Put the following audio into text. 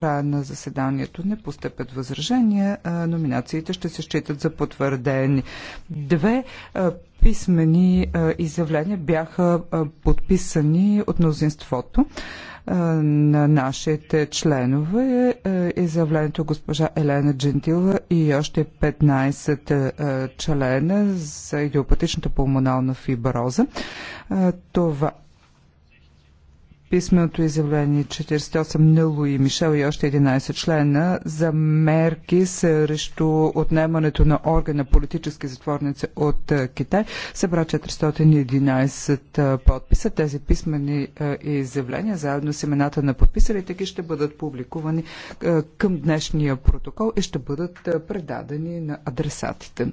края на заседанието не постъпят възражения, номинациите ще се считат за потвърдени. Две писмени изявления бяха подписани от мнозинството на нашите членове. Изявлението госпожа Елена Джентила и още 15 члена за идиопатичната пулмонална фиброза. Това писменото изявление 48 на Луи Мишел и още 11 члена за мерки срещу отнемането на органа политически затворници от е, Китай събра 411 е, подписа. Тези писмени е, изявления, заедно с имената на подписалите ги, ще бъдат публикувани към днешния протокол и ще бъдат предадени на адресатите.